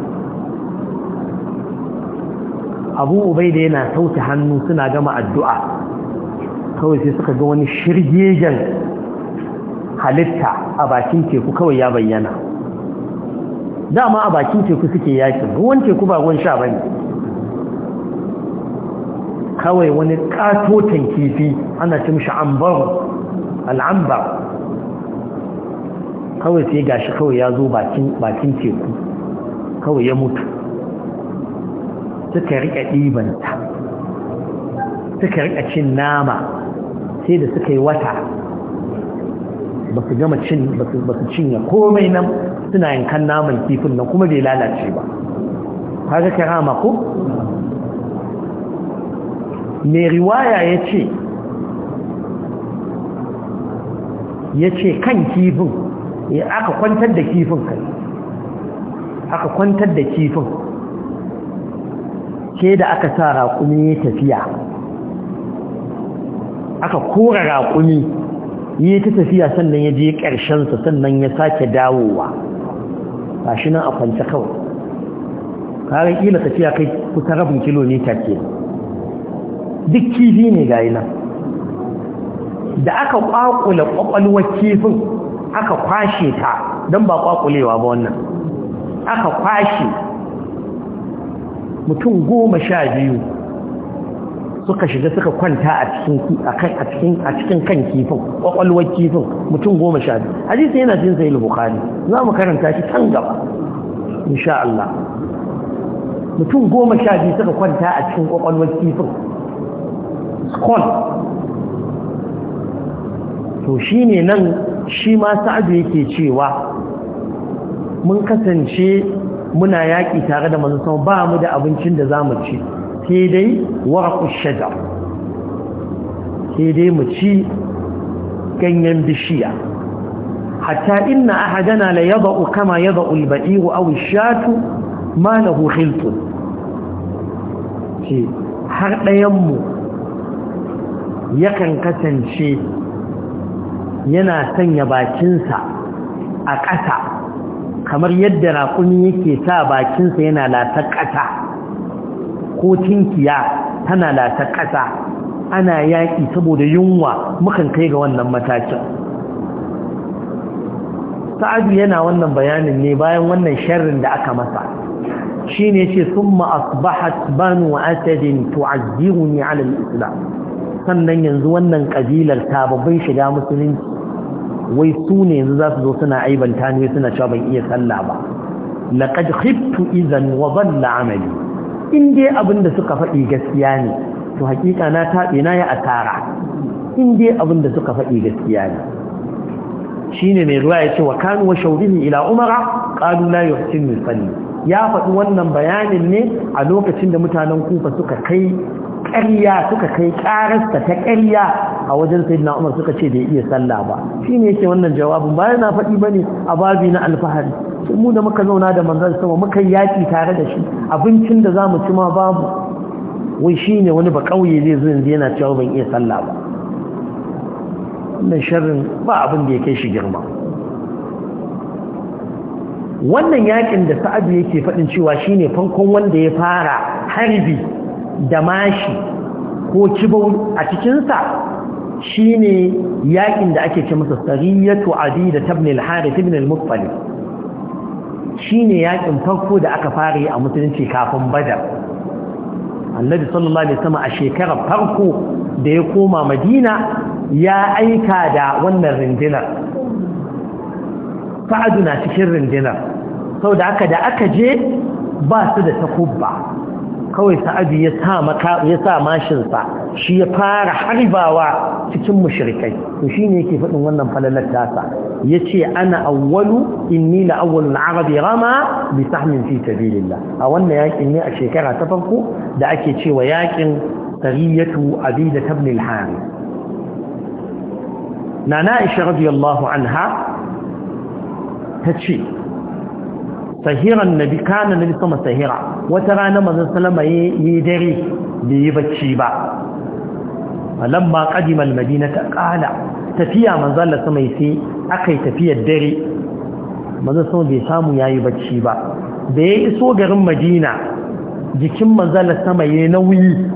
abu ubai da yana sauke hannu suna gama addu'a kawai sai suka ga wani shirgejen halitta a bakin teku kawai ya bayyana dama a bakin teku suke yakin ruwan teku ba ruwan sha bane kawai wani katotan kifi ana cimshi ambar al'ambar kawai sai gashi kawai ya zo bakin teku kawai ya mutu suka rika ɗibanta suka rika cin nama sai da suka yi wata ba su gama cin ba su cinye komai nan suna yankan naman kifin nan kuma bai lalace ba kaga kirama ko mai riwaya ya ce ya ce kan kifin ya aka kwantar da kifin kai aka kwantar da kifin ke da aka sa raƙumi ya tafiya aka kora raƙumi yi ta tafiya sannan ya je ƙarshensa sannan ya sake dawowa ba shi nan a kwanci kawai kare kila tafiya kai kusa rabin kilomita ke duk kifi ne ga nan da aka ƙwaƙula ƙwaƙwalwar kifin aka kwashe ta don ba kwakulewa ba wannan aka kwashe mutum goma sha biyu suka shiga suka kwanta a cikin kan kifin kwakwalwar kifin mutum goma sha biyu hadisi yana cin sayi bukari za mu karanta shi can gaba insha Allah mutum goma sha biyu suka kwanta a cikin kwakwalwar kifin skull to shine nan shi ma sa'adu yake cewa mun kasance muna yaƙi tare da manzo ba mu da abincin da za mu ci sai dai warqu shajar sai dai mu ci ganyen bishiya hatta inna ahadana la yada'u kama yada'u al-ba'iru aw ash-shatu ma lahu har ɗayan mu yakan kasance yana sanya bakinsa a ƙasa kamar yadda raƙumi yake sa bakinsa yana latar ƙasa ko tinkiya tana latar ƙasa ana yaƙi saboda yunwa mukan kai ga wannan matakin sa'adu yana wannan bayanin ne bayan wannan sharrin da aka masa shi ne ce sun ma'asbahat banu asadin ne ala islam sannan yanzu wannan ƙabilar ta babban shiga musulunci wai su ne yanzu za su zo suna aibanta ne suna cewa ban iya sallah ba laqad khiftu idan wa dhalla amali in dai abin da suka faɗi gaskiya ne to hakika na tabe na ya asara in dai abin da suka faɗi gaskiya ne shine mai ruwa ya wa kanu wa shawbihi ila umara qalu la yuhsinu salli ya faɗi wannan bayanin ne a lokacin da mutanen kufa suka kai ƙarya suka kai ƙararsa ta ƙarya a wajen sai na umar suka ce da iya sallah ba shi ne yake wannan jawabin ba yana faɗi ba ne a babi na alfahari mu da muka zauna da manzan sama muka yaƙi tare da shi abincin da za mu ci ma babu wai shi ne wani ba ƙauye zai zo yanzu yana cewa ban iya sallah ba wannan sharrin ba abin ya kai shi girma wannan yakin da sa'adu yake faɗin cewa shine farkon wanda ya fara harbi da mashi ko kibau a cikinsa shi ne yaƙin da ake ce masa tsariyatu adi da tabnil harith ibn al-muttalib shi ne yaƙin farko da aka fara yi a musulunci kafin badar annabi sallallahu alaihi wasallam a shekarar farko da ya koma madina ya aika da wannan rindinar Fa'adu na cikin rindinar sau da aka da aka je ba su da takubba kawai sa'adu ya sa sa mashinsa shi ya fara harbawa cikin mushrikai to ne yake faɗin wannan falalar tasa yace ana awwalu inni la na arabi rama bi sahmin fi sabilillah a wannan yakin ne a shekara ta farko da ake cewa yakin sariyatu abida ibn al-harith nana aisha radiyallahu anha tace sahiran nabi kana nabi sama sahira wata rana manzon sallama yi dare bai yi bacci ba lamma madina ta qala tafiya manzon Allah sama yi akai tafiyar dare mazan sama bai samu yayi bacci ba da ya iso garin Madina jikin manzon Allah sama yayi nauyi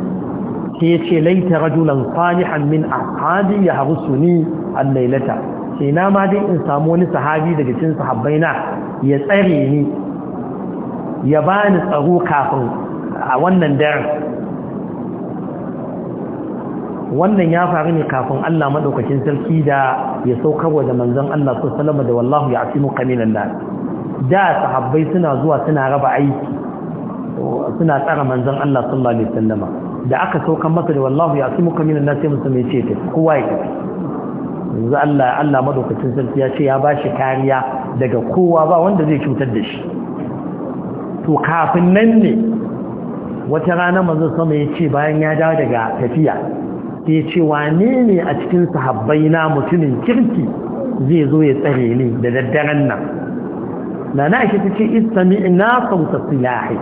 sai ya ce laita rajulan salihan min ahadi ya habusuni al-lailata sai na ma dai in samu wani sahabi daga cikin sahabbaina ya tsare ni ya bani tsaro kafin a wannan daren wannan ya faru ne kafin Allah madaukakin sarki da ya saukarwa da manzon Allah sallallahu da wallahu ya'timuka minan nar da sahabbai suna zuwa suna raba aiki suna tsara manzon Allah sallallahu alaihi wasallama da aka saukan masa da wallahu ya'timuka minan nar sai musulmi ce ta kowa ya yanzu Allah Allah madaukakin sarki ya ce ya bashi kariya daga kowa ba wanda zai cutar da shi to kafin nan ne wata rana manzo sama ya ce bayan ya dawo daga tafiya sai ya ce wane ne a cikin sahabbai na mutumin kirki zai zo ya tsare ni da daddaren nan na na shi ta ce istami ina sauta silahi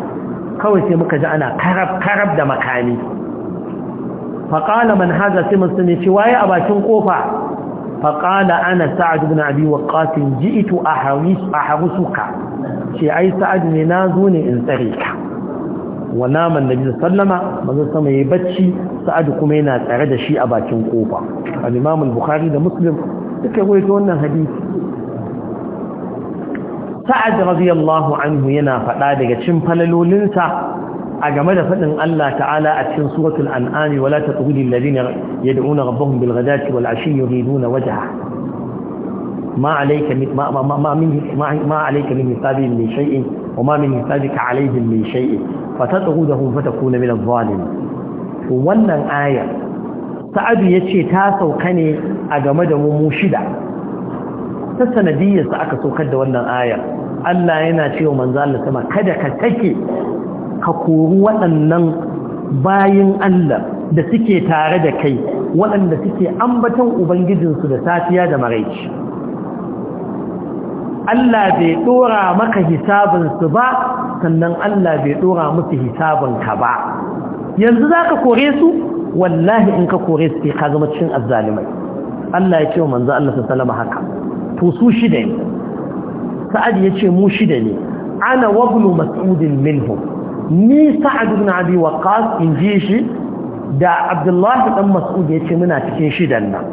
kawai sai muka ji ana karab karab da makami faƙala man haza sai ya ce waye a bakin kofa faƙala ana sa'adu na abi waƙasin ji ito a haru suka ce ai sa’ad ne na zo ne in tsare ka wana man na biyu sallama mazu sama ya yi bacci sa’ad kuma yana tsare da shi a bakin ƙofa. a limamun buhari da muslim suka yi ta wannan hadisi sa’ad da raziyallahu anhu yana faɗa daga cin falalolinsa a game da faɗin Allah ta'ala a cikin suratul an'ami wala taqulil ladina yad'una rabbahum bil ghadati wal ashi yuriduna wajha ma alayka ma ma min ma alayka min hisabihim min shay'in wa ma min hisabika alayhim min shay'in fatatqudahum fatakuna min adh wannan aya sa'adu ya ce ta sauka ne a game da mu shida ta sanadiyyar aka saukar da wannan aya Allah yana cewa manzo Allah sama kada ka take ka kori waɗannan bayan Allah da suke tare da kai waɗanda suke ambaton ubangijinsu da safiya da maraici Allah bai ɗora maka hisabinsu ba sannan Allah bai ɗora musu hisabinka ba yanzu za ka kore su wallahi in ka kore su ka zama cikin azzalimai Allah ya ce wa manzu Allah salama haka to su shida ne sa'ad ya ce mu shida ne ana wablu mas'udin minhum ni sa'ad ibn abi waqqas in ji shi da abdullahi dan mas'ud yace muna cikin shidan nan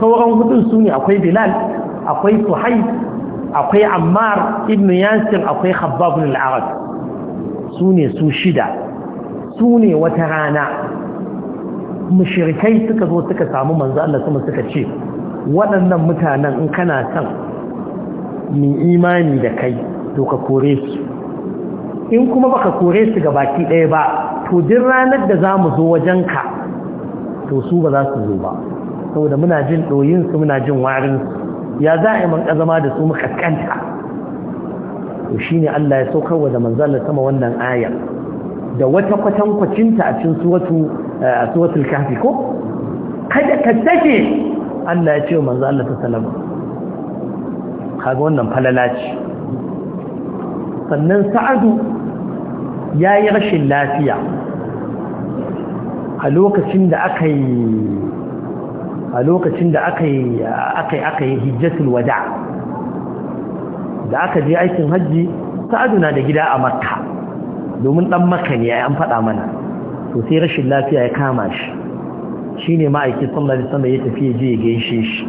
sauran hudun su ne akwai bilal akwai suhaib akwai ammar ibn yasir akwai khabbab ibn al-arab su ne su shida su ne wata rana mushrikai suka zo suka samu manzo Allah kuma suka ce waɗannan mutanen in kana son min imani da kai to ka kore su in kuma baka kore su ga baki ɗaya ba to duk ranar da za mu zo wajenka to su ba za su zo ba saboda muna jin ɗoyinsu muna jin warinsu ya za a yi man ƙazama da su makaskanta to shi ne Allah ya saukar wa da manzalar sama wannan aya da wata kwatankwacinta a cikin suwatul eh, kafi ko kada ka sake Allah ya ce wa manzalar ta salama kaga wannan falala ce sannan sa'adu ya yi rashin lafiya a lokacin da aka yi a lokacin da aka yi aka yi hijjatul wada da aka je aikin hajji sa'adu na da gida a makka domin dan makka ne an faɗa mana to sai rashin lafiya ya kama shi shine ma'aikin sallallahu alaihi wasallam ya tafi je ya gaishe shi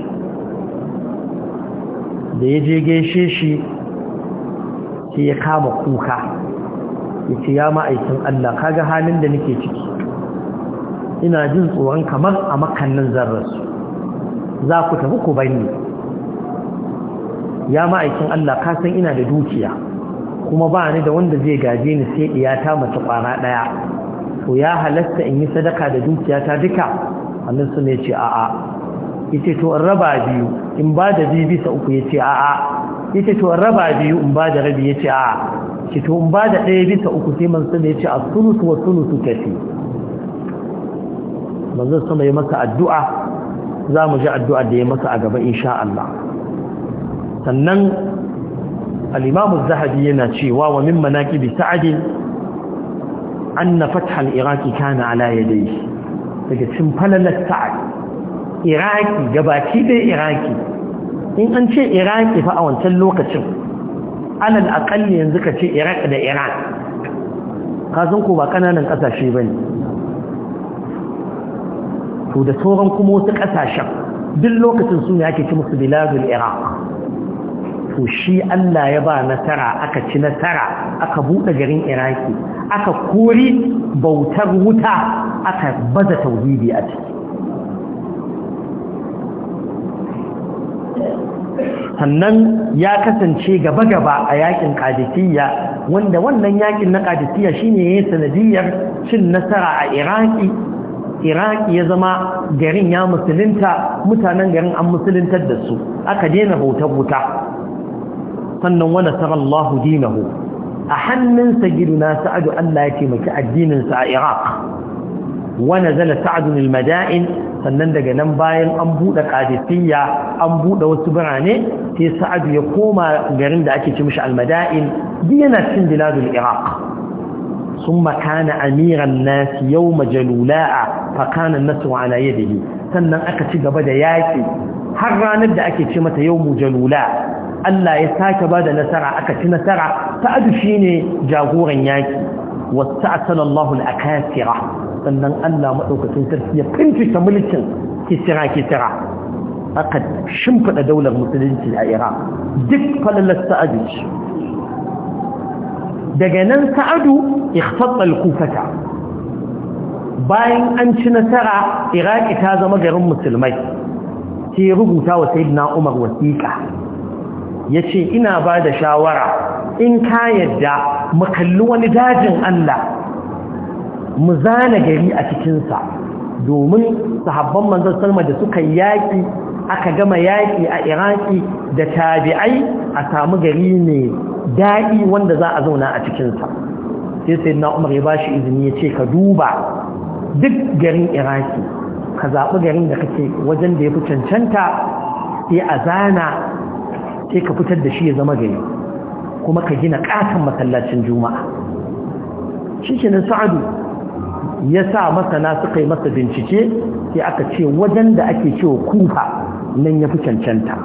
da ya je gaishe shi sai ya kama kuka ya ce ya ma'aikin Allah kaga halin da nake ciki ina jin tsoron kamar a makannin zarrasu za ku tafi ku bani ya ma'aikin Allah ka san ina da dukiya kuma ba ni da wanda zai gaje ni sai ta mace kwana daya to ya halasta in yi sadaka da dukiya ta duka annabi sun ya ce a'a yace to in raba biyu in ba da bibi sa uku yace a'a yace to in raba biyu in ba da rabi yace a ki to ba da ɗaya bisa uku sai manzo ne ya ce as-sulus wa sulusu kafi manzo sama ya masa addu'a za mu ji addu'a da ya masa a gaba insha Allah sannan al-imam az-zahabi yana cewa wa min manaqibi sa'd anna fath al-iraq kana ala yadayhi daga cin falalar sa'ad iraki gabaki dai iraki in an ce iraki fa a wancan lokacin alal akalli yanzu ka ce iraq da iran kasan ku ba kananan kasashe ba ne to da sauran kuma wasu kasashen duk lokacin su ne ake ci musu biladul iraq to shi allah ya ba nasara aka ci nasara aka buɗe garin iraki aka kori bautar wuta aka baza tauhidi a ciki sannan ya kasance gaba-gaba a yakin kadisiyya wanda wannan yakin na kadisiyya shine ya yi sanadiyar cin nasara a iraki iraki ya zama garin ya musulunta mutanen garin an musuluntar da su aka daina bautar wuta sannan wani sarallahu dinahu a hannun na sa'adu allah ya taimaki addininsa a iraq ونزل سعد المدائن sannan daga nan bayan an buɗe ƙadisiyya an buɗe wasu birane sai sa'adu ya koma garin da ake ci mashi almada'in bi yana cin biladul iraq sun makana amiran nasi yau Majalula'a fa kana an ala sannan aka ci gaba da yaƙi har ranar da ake ce mata yau jalula Allah ya sake bada nasara aka ci nasara sa'adu shine jagoran yaƙi wasu Allahu akasira sannan Allah maɗaukacin sarki ya fincika mulkin kisira-kisira aka shimfiɗa daular musulunci a Iraq duk falalar sa'adu daga nan sa'adu ikhtatsal kufata bayan an ci nasara Iraki ta zama garin musulmai sai rubuta wa na Umar wasiƙa ce ina ba da shawara in ka yadda mu kalli wani dajin Allah mu zana gari a cikinsa domin sahabban manzan salma da suka yaƙi aka gama yaƙi a iraki da tabi'ai a samu gari ne daɗi wanda za a zauna a cikinsa sai sai na umar ya ba shi izini ya ce ka duba duk garin iraki ka zaɓi garin da kake wajen da ya fi cancanta sai a zana sai ka fitar da shi ya zama gari kuma ka gina ƙaton masallacin juma'a shi kenan sa'adu ya sa masana suka yi masa bincike sai aka ce wajen da ake cewa kufa nan ya fi cancanta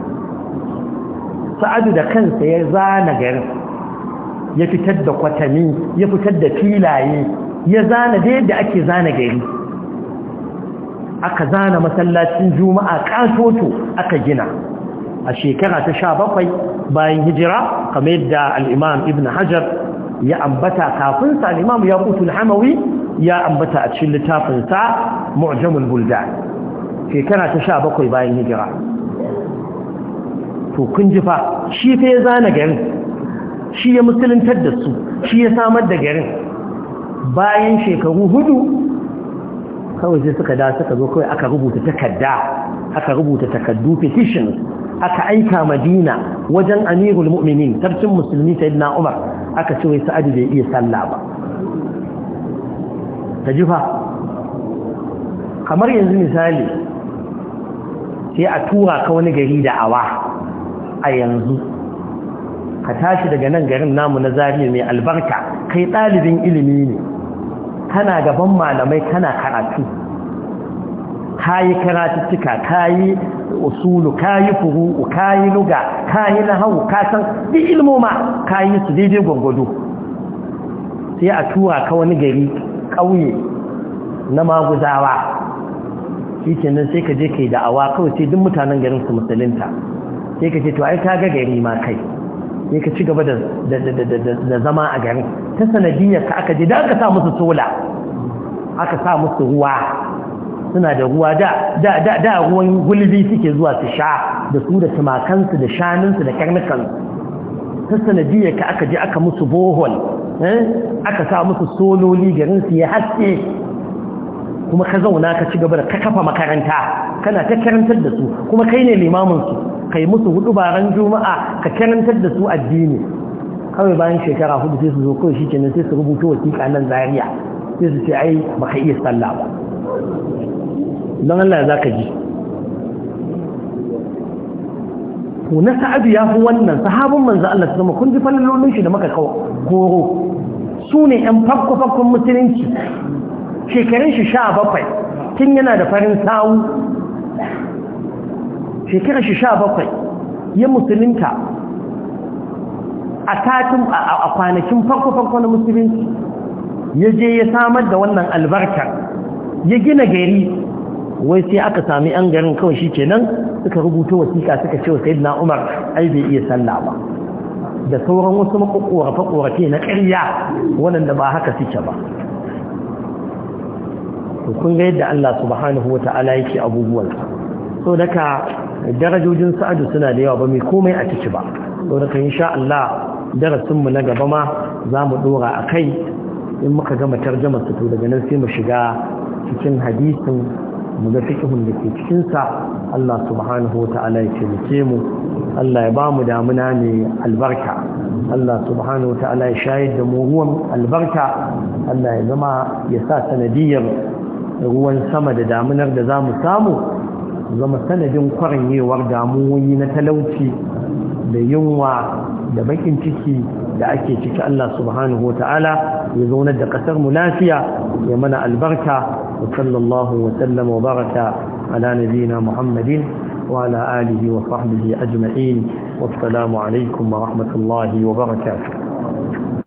sa'adu da kansa ya zana garin ya fitar da kwatami ya fitar da filaye ya zana da yadda ake zana gari aka zana masallacin juma'a katoto aka gina a shekara ta sha bakwai bayan hijira kamar yadda al'imam ibn hajar ya ambata kafin sa al'imam ya kutu hamawi ya ambata a cikin littafinsa mu'jamul buldan shekara ta sha bakwai bayan hijira to kun ji fa shi ya zana garin shi ya musuluntar da su shi ya samar da garin bayan shekaru hudu kawai sai suka da suka zo kawai aka rubuta takarda aka rubuta takardu petition aka aika madina wajen amirul mu'minin sarkin musulmi sayyidina umar aka ce wai sa'adu bai iya sallah ba Ta jifa kamar yanzu misali sai a tura ka wani gari da awa a yanzu ka tashi daga nan garin namu na zariya mai albarka kai ɗalibin ilimi ne kana gaban malamai kana karatu kayi karatuttuka kayi usulu kayi furu kayi luga kayi nahawu ka san bi ilmoma kayi su daidai gwangwado sai a tura ka wani gari ƙauye na maguzawa shi kenan sai ka je yi da'awa kawai sai duk mutanen garin su musulunta sai ka ce to ai ka ga gari ma kai sai ka ci gaba da zama a garin ta sanadiyar ka aka je da aka sa musu sola aka sa musu ruwa suna da ruwa da da ruwan gulbi suke zuwa su sha da su da tumakansu da shanunsu da karnukansu ta sanadiyar ka aka je aka musu bohol Eh? aka sa musu sololi garinsu ya haske kuma ka zauna ka ci gaba da ka kafa makaranta kana ta karantar da su kuma kai ne limamin su kai musu hudu baran juma'a ka karantar da su addini kawai bayan shekara hudu sai su zo kawai shi kenan sai su rubuta wasiƙa nan Zariya sai su ce ai baka iya sallah ba don Allah za ka ji to na sa'adu ya fi wannan sahabin manzo Allah zama kun ji lomin shi da maka kawo goro su ne yan farko farkon musulunci shekarun shi sha bakwai tun yana da farin sawu shekarun shi sha bakwai ya musulunta a tatin a kwanakin farko farko na musulunci ya je ya samar da wannan albarkar ya gina gari wai sai aka sami yan garin kawai shi nan suka rubuta wasiƙa suka ce wa sayyidina umar ai bai iya sallah ba da sauran wasu makokorafe na ƙarya waɗanda ba haka suke ba To kun ga yadda Allah subhanahu wata'ala yake abubuwan so daga darajojin sa'adu suna da yawa ba mai komai a ciki ba so daga insha Allah darasinmu na gaba ma za mu ɗora a kai in muka gama tarjamar su to daga nan sai mu shiga cikin hadisin mu ga fiqhun da ke cikin sa Allah subhanahu wata'ala ya taimake mu Allah ya ba mu damuna ne albarka Allah subhanahu wata'ala ya shayar da mu ruwan albarka Allah ya zama ya sa sanadiyar ruwan sama da damunar da za mu samu zama sanadin kwaranyewar damuwoyi na talauci da yunwa da bakin ciki da ake ciki Allah subhanahu wa ya zaunar da ƙasar mu lafiya ya mana albarka وصلى الله وسلم وبارك على نبينا محمد وعلى آله وصحبه أجمعين والسلام عليكم ورحمة الله وبركاته